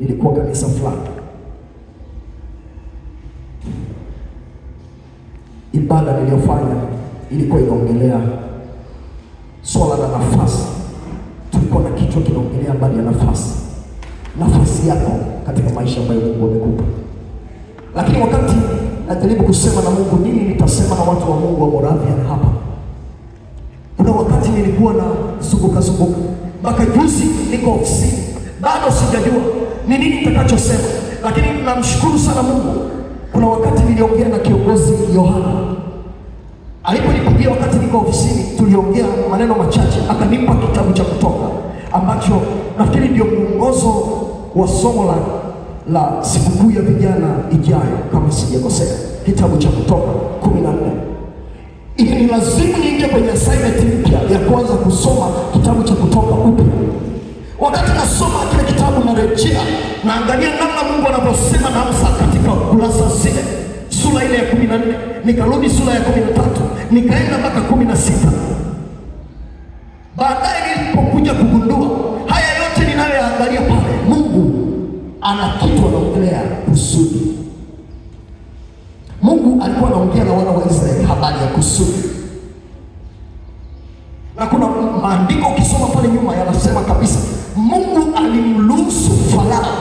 ilikuwa kanisa fulani, ibada niliyofanya ilikuwa inaongelea swala la nafasi. Tulikuwa na kichwa kinaongelea habari ya nafasi, nafasi yako katika maisha ambayo Mungu amekupa. Lakini wakati najaribu kusema na Mungu nini nitasema na watu wa Mungu wa Moravia hapa, kuna wakati nilikuwa na zunguka zunguka mpaka juzi, niko ofisini bado sijajua ni nini nitakachosema, lakini namshukuru sana Mungu. Kuna wakati niliongea na kiongozi Yohana aliponipigia wakati niko ofisini, tuliongea maneno machache, akanipa kitabu cha Kutoka ambacho nafikiri ndio mwongozo wa somo la la sikukuu ya vijana ijayo, kama sijakosea, kitabu cha Kutoka kumi na nne. Ili ni lazima niingie kwenye assignment mpya ya kuanza kusoma kitabu cha Kutoka upya. Wakati nasoma kile unarejea na angalia namna Mungu anaposema na Musa katika kurasa zile sura ile ya kumi na nne nikarudi sura ya kumi na tatu nikaenda mpaka kumi na sita Baadaye nilipokuja kugundua haya yote ninayoangalia pale, Mungu ana kitu anaongelea kusudi. Mungu alikuwa anaongea na wana wa Israeli habari ya kusudi, na kuna maandiko ukisoma pale nyuma yanasema kabisa Mungu Farao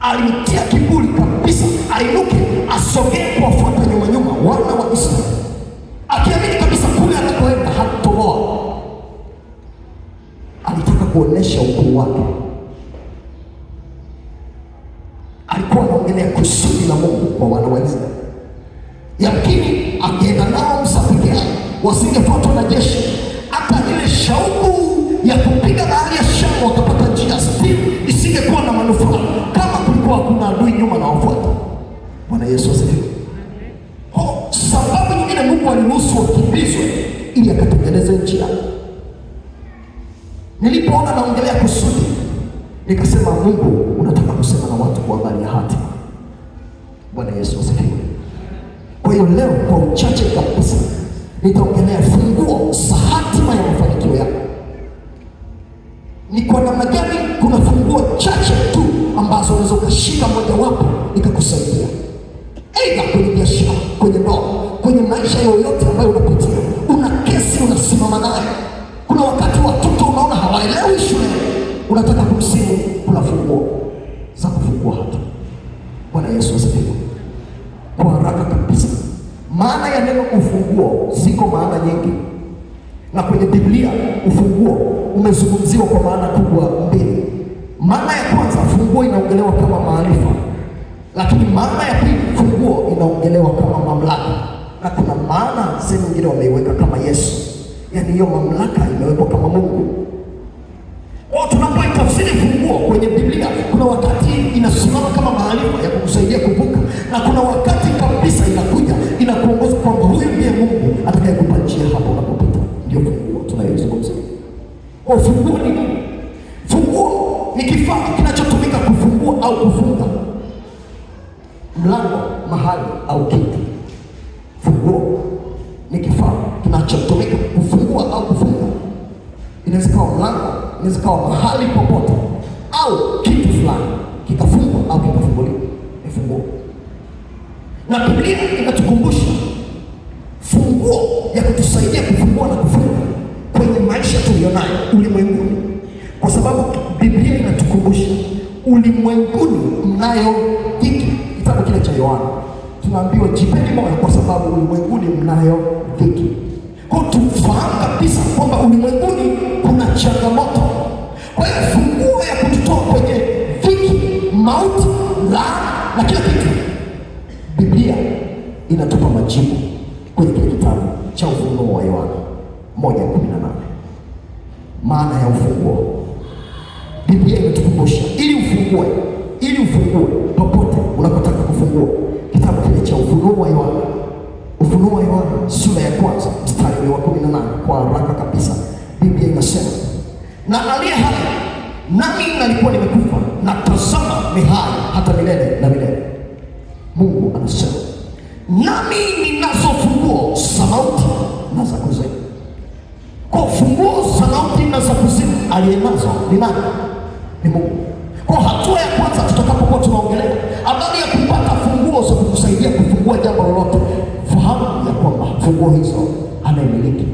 alimtia kiburi kabisa, ainuke asogee kuwafuata nyuma nyuma wana wa Israeli, akiamini kabisa kule anakoenda hatoboa. Alitaka kuonesha ukuu wake, alikuwa anaongelea kusudi la Mungu kwa wana wa Israeli. Yamkini akienda nao msafiri wasingefuatwa na jeshi, hata ile shauku ya kuwa kuna adui nyuma nawafuata. Bwana Yesu asifiwe. Sababu nyingine Mungu aliruhusu wakimbizwe ili akatengeneze nchi yake. Nilipoona naongelea kusudi, nikasema Mungu unataka kusema na watu kwa habari ya hatima. Bwana Yesu asifiwe. Kwa hiyo leo kwa uchache kabisa nitaongelea funguo za hatima ya mafanikio yako ni kwa namna gani? Kuna funguo chache tu ambazo unaweza ukashika mojawapo ikakusaidia aidha kwenye biashara, kwenye ndoa, kwenye maisha yoyote ambayo unapitia. Una kesi unasimama nayo. Kuna wakati watoto unaona hawaelewi shule, unataka kumsimu, kuna funguo za kufungua hata. Bwana Yesu asifiwe. Kwa haraka kabisa, maana ya neno ufunguo ziko maana nyingi na kwenye Biblia ufunguo umezungumziwa kwa maana kubwa mbili. Maana ya kwanza, funguo inaongelewa kama maarifa, lakini maana ya pili, funguo inaongelewa kama mamlaka, na kuna maana sehemu nyingine wameiweka kama Yesu, yaani hiyo mamlaka imewekwa kama Mungu. Tunapoitafsiri funguo kwenye Biblia, kuna wakati inasimama kama maarifa ya kukusaidia kuvuka na kuna wakati kwa ufunguo ni nini? Funguo ni kifaa kinachotumika kufungua au kufunga mlango, mahali au kitu. Funguo ni kifaa kinachotumika kufungua au kufunga. Inaweza kuwa mlango, inaweza kuwa mahali popote au kitu fulani kikafungwa au kikafunguliwa, ni funguo. Na Biblia inatukumbusha funguo ya kutusaidia kufungua na kufunga kwenye maisha tuliyonayo ulimwenguni, kwa sababu Biblia inatukumbusha ulimwenguni mnayo dhiki. Kitabu kile cha Yohana tunaambiwa jipeni moyo, kwa sababu ulimwenguni mnayo dhiki. Kwa tufahamu kabisa kwamba ulimwenguni kuna changamoto. Kwa hiyo funguo ya kututoa kwenye dhiki, mauti, laana na kila kitu, Biblia inatupa majibu kwenye kile kitabu cha Ufunuo wa Yohana moja kumi na nane maana ya ufunguo. Biblia imetukumbusha ili ufungue, ili ufungue popote unapotaka kufungua. Kitabu kile cha Ufunuo wa Yohana, Ufunuo wa Yohana sura ya kwanza mstari wa kumi na nane kwa haraka kabisa, Biblia inasema na aliye hai, nami nalikuwa nimekufa, na tazama ni hai hata milele na milele. Mungu anasema nami ninazo funguo za mauti na za kuzimu kwa funguo za mauti na za kuzimu aliyenazo ni nani? Ni Mungu. Kwa hatua ya kwanza tutakapokuwa tunaongelea habari ya kupata funguo za kukusaidia kufungua jambo lolote, fahamu ya kwamba funguo hizo anayemiliki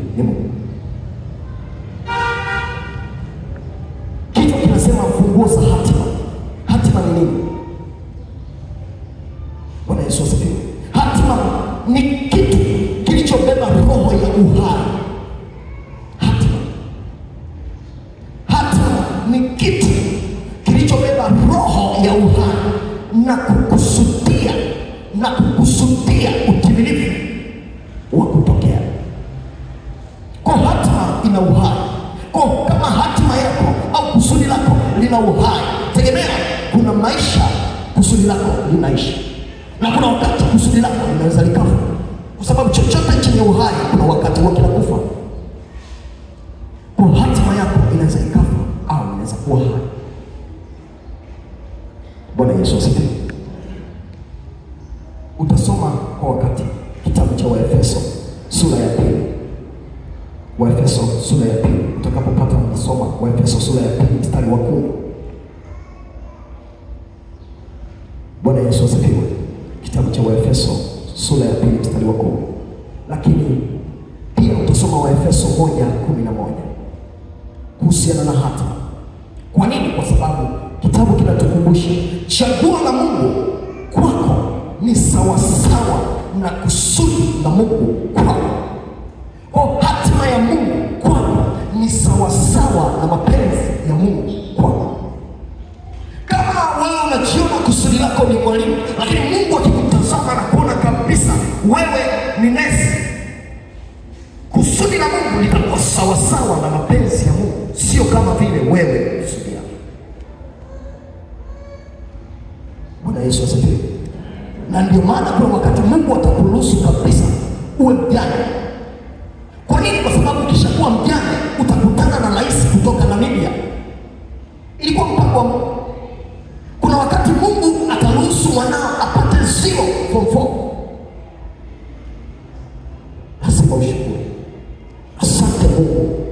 kukusudia na kukusudia utimilifu wa kutokea kwa hatima. Ina uhai kwa kama hatima yako au kusudi lako lina uhai, tegemea kuna maisha kusudi lako linaishi, na kuna wakati kusudi lako linaweza likafa, kwa sababu chochote chenye uhai kuna wakati wake na kufa. Kwa hatima yako inaweza ikafa au inaweza kuwa hai. Bwana Yesu asifiwe. Waefeso sura ya pili, utakapopata mnasoma Waefeso sura ya pili mstari wa kumi. Bwana Yesu asifiwe. Kitabu cha Waefeso sura ya pili mstari wa kumi, lakini pia utasoma Waefeso moja kumi na moja kuhusiana na hata. Kwa nini? Kwa sababu kitabu kinatukumbusha chaguo la Mungu kwako ni sawasawa na kusudi la Mungu kwako. O, hatima ya Mungu kwangu ni sawasawa na mapenzi ya Mungu kwangu. Kama wewe unajiona kusudi lako ni mwalimu, lakini Mungu akikutazama na kuona kabisa wewe ni nesi, kusudi la Mungu litakuwa sawasawa na mapenzi ya Mungu, sio kama vile wewe kusudi yako. Bwana Yesu asifiwe. Na ndio maana kuna wakati Mungu atakuruhusu kabisa home.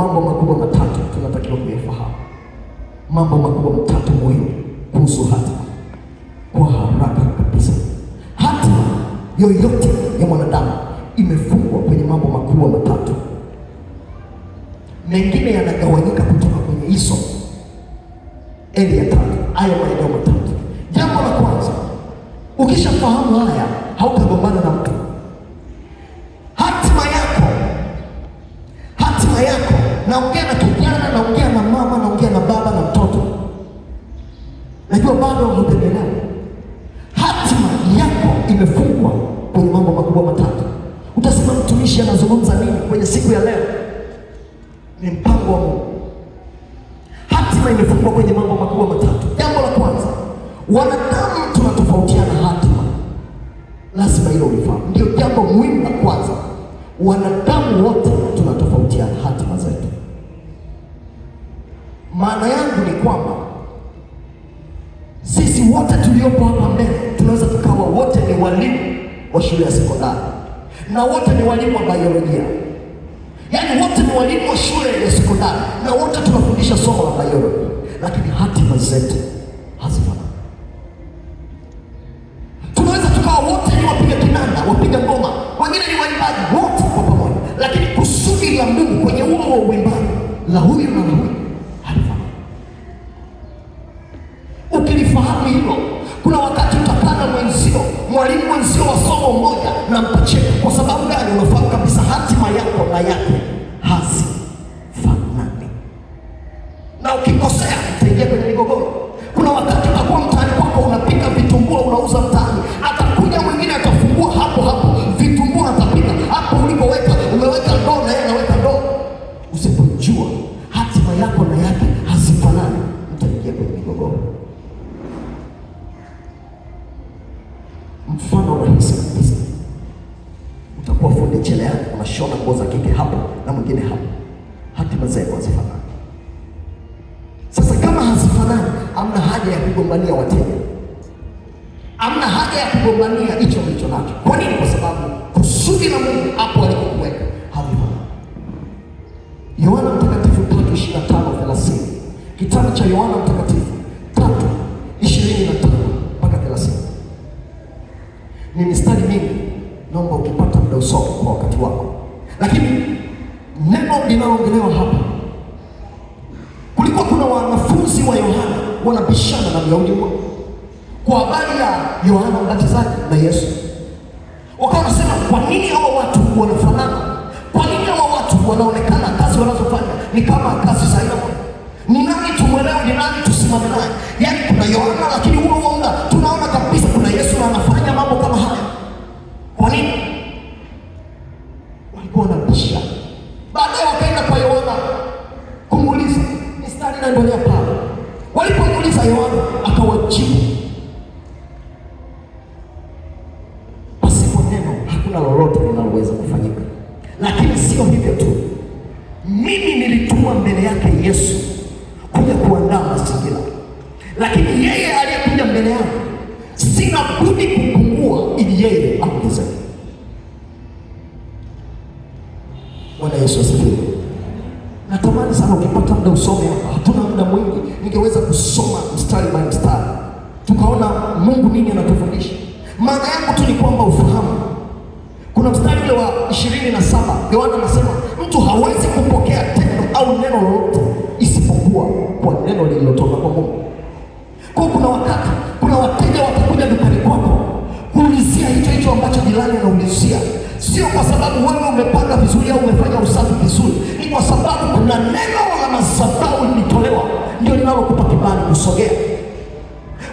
mambo makubwa matatu tunatakiwa kuyafahamu, mambo makubwa matatu muhimu kuhusu hatima. Kwa haraka kabisa, hatima yoyote ya mwanadamu imefungwa kwenye mambo makubwa matatu, mengine yanagawanyika kutoka kwenye hizo area tatu, haya maeneo matatu. Jambo la kwanza, ukishafahamu haya unaopendelea. Hatima yako imefungwa kwenye mambo makubwa matatu. Utasema mtumishi anazungumza nini kwenye siku ya leo? Ni mpango wa Mungu. Hatima imefungwa kwenye mambo makubwa matatu. Jambo la kwanza, wanadamu tunatofautiana hatima, lazima hilo ulifahamu. Ndio jambo muhimu la kwanza, wanadamu wote tunatofautiana hatima zetu. Maana yangu ni kwamba sisi wote tuliopo hapa mbele tunaweza tukawa wote ni walimu wa shule ya sekondari na wote ni walimu wa biolojia, yaani wote ni walimu wa shule ya sekondari na wote tunafundisha somo la biolojia, lakini hatima zetu hazifanani. Tunaweza tukawa wote ni wapiga kinanda, wapiga ngoma, wengine ni waimbaji, wote kwa pamoja, lakini kusudi la Mungu kwenye uo wa uimbaji la huyu hapo alipokuweka havifai. Yohana Mtakatifu tatu ishirini na kitabu cha Yohana Islam. Yani buraya olanlar kimi Bwana Yesu asifiwe. Natamani sana ukipata muda usome hapa. Hatuna muda mwingi, ningeweza kusoma mstari by mstari tukaona Mungu nini anatufundisha. Maana yangu tu ni kwamba ufahamu, kuna mstari ule wa ishirini na saba Yohana anasema mtu hawezi kupokea tendo au neno lolote isipokuwa kwa neno lililotoka kwa Mungu. Kwa kuna wakati, kuna wateja watakuja dukani kwako kuulizia hicho hicho ambacho jirani anaulizia sio kwa sababu wewe umepanga vizuri au umefanya usafi vizuri, ni kwa sababu kuna neno la madhabahu limetolewa, ndio linalokupa kibali kusogea.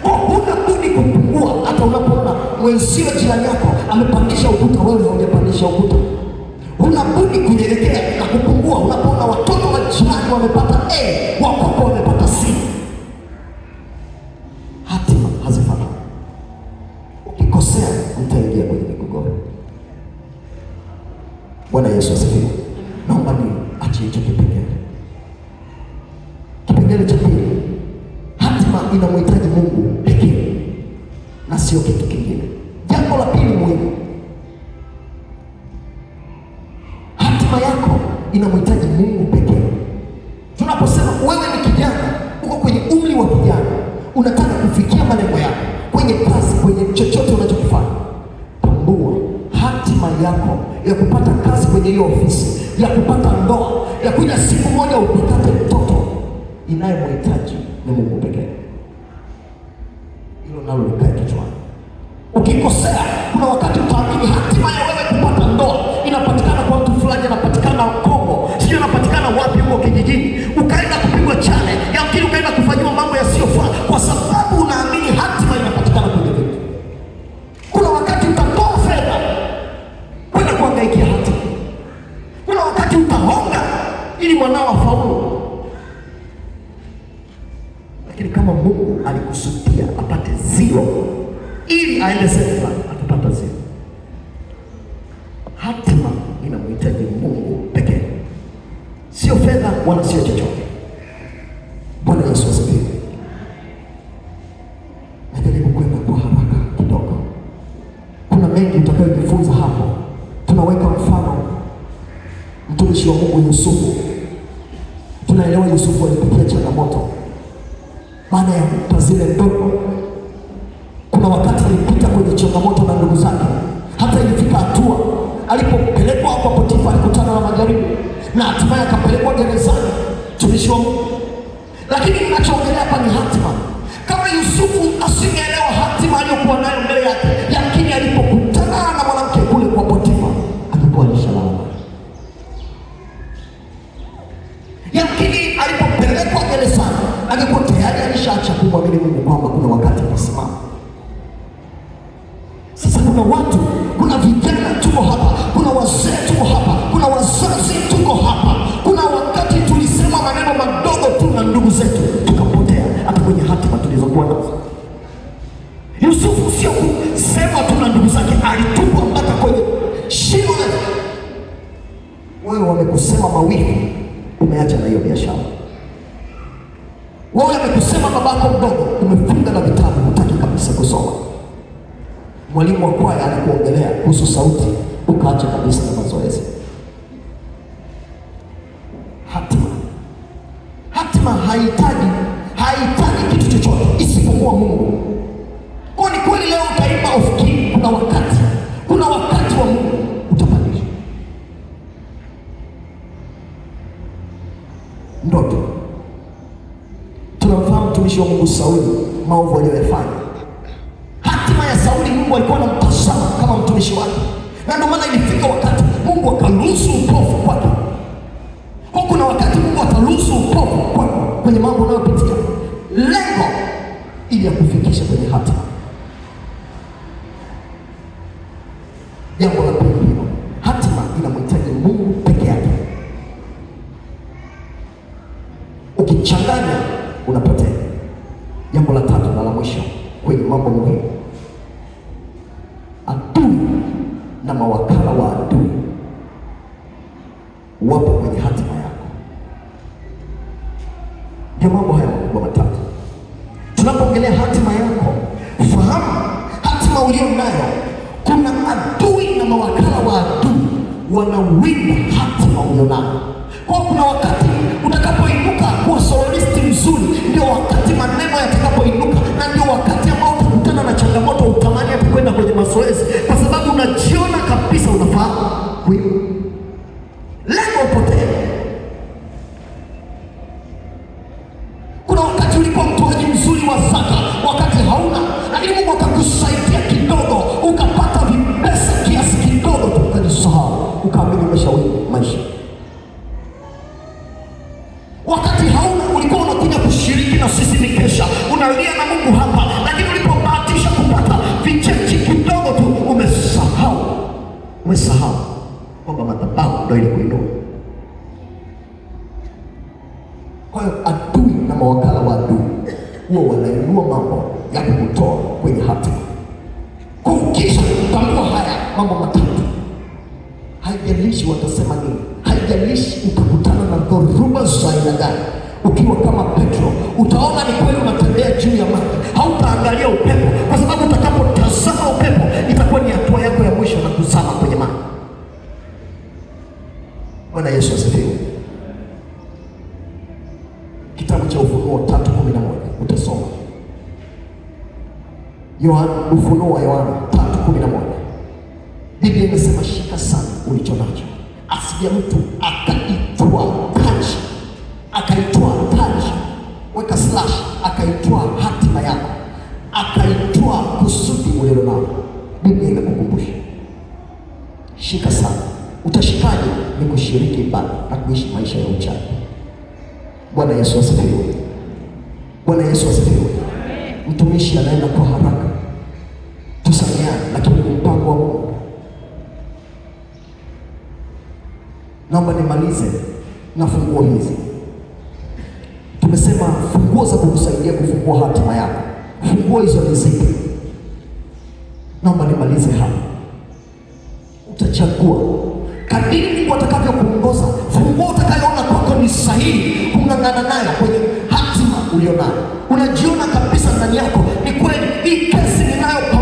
Kwa huna budi kupungua, hata unapoona mwenzio jirani yako amepandisha ukuta, wewe haujapandisha ukuta, huna budi kunyenyekea na kupungua unapoona watoto wa jirani wamepata hey, wakoko Yesu asifiwe. Naomba niachie hicho kipengele. Kipengele cha pili, hatima inamhitaji Mungu pekee na sio kitu kingine. Jambo la pili muhimu, hatima yako inamhitaji Mungu Father, we touch. mengi utakayojifunza hapo. Tunaweka mfano mtumishi wa Mungu Yusufu, tunaelewa Yusufu alipitia changamoto maana ya kuta zile ndogo. Kuna wakati alipita kwenye changamoto na ndugu zake, hata ilifika hatua alipopelekwa kwa Potifa alikutana na majaribu na hatimaye akapelekwa gerezani, mtumishi wa Mungu. Lakini ninachoongelea hapa ni hatima. Kama Yusufu asingeelewa hatima aliyokuwa nayo mbele yake, lakini alipo Lakini alipopelekwa gerezani alikuwa tayari alishaacha kumwamini Mungu kwamba kuna wakati kusimama. Sasa kuna watu, kuna vijana tuko hapa, kuna wazee tuko hapa, kuna wazazi tuko hapa, kuna wakati tulisema maneno madogo tu na ndugu zetu tukapotea hata kwenye hatima tulizokuwa nazo. Yusufu sio kusema tu na ndugu zake, alitupwa mpaka kwenye shimo. Wewe wamekusema mawili hiyo biashara. Wewe amekusema babako mdogo, umefunga na vitabu, hutaki kabisa kusoma. Mwalimu wa kwaya anakuongelea kuhusu sauti, ukaacha kabisa na mazoezi. Sauli maovu aliyoyafanya. Hatima ya Sauli, Mungu alikuwa anamtazama kama mtumishi wake, na ndio maana ilifika wakati Mungu akaruhusu upofu kwake. Huku na wakati Mungu ataruhusu upofu kwake kwenye mambo unayopitia, lengo ili ya kufikisha kwenye hatima. ulio nayo, kuna adui na mawakala wa adui wanawinda hatima ulio nayo. Kwa kuna wakati utakapoinuka kuwa solisti mzuri, ndio wakati maneno yatakapoinuka, na ndio wakati ambao utakutana na changamoto, utamani hata kwenda kwenye mazoezi, kwa sababu unajiona kabisa unafaa kuimba, Kuna wakati ulikuwa mtoaji mzuri wa zaka Dios. Yesu asifiwe. Kitabu cha Ufunuo tatu kumi na moja utasoma Yohana, Ufunuo wa Yohana tatu kumi na moja Biblia inasema shika sana ulicho nacho, asije mtu akaitwa taji, akaitwa taji, weka slash, akaitwa hatima yako, akaitwa kusudi ulilo nalo. Biblia inakukumbusha shika sana Utashikaje? Ni kushiriki ibada na kuishi maisha ya uchaji. Bwana Yesu asifiwe! Bwana Yesu asifiwe! Mtumishi anaenda kwa haraka, tusameane, lakini mpango wa Mungu. Naomba nimalize na funguo hizi. Tumesema funguo za kukusaidia kufungua hatima yako. Funguo hizo ni zipi? Naomba nimalize hapa, utachagua kadiri Mungu atakavyokuongoza, funguo utakayoona kwako ni sahihi, kung'ang'ana nayo kwenye hatima ulionayo. Unajiona kabisa ndani yako ni kweli hii kesi ninayo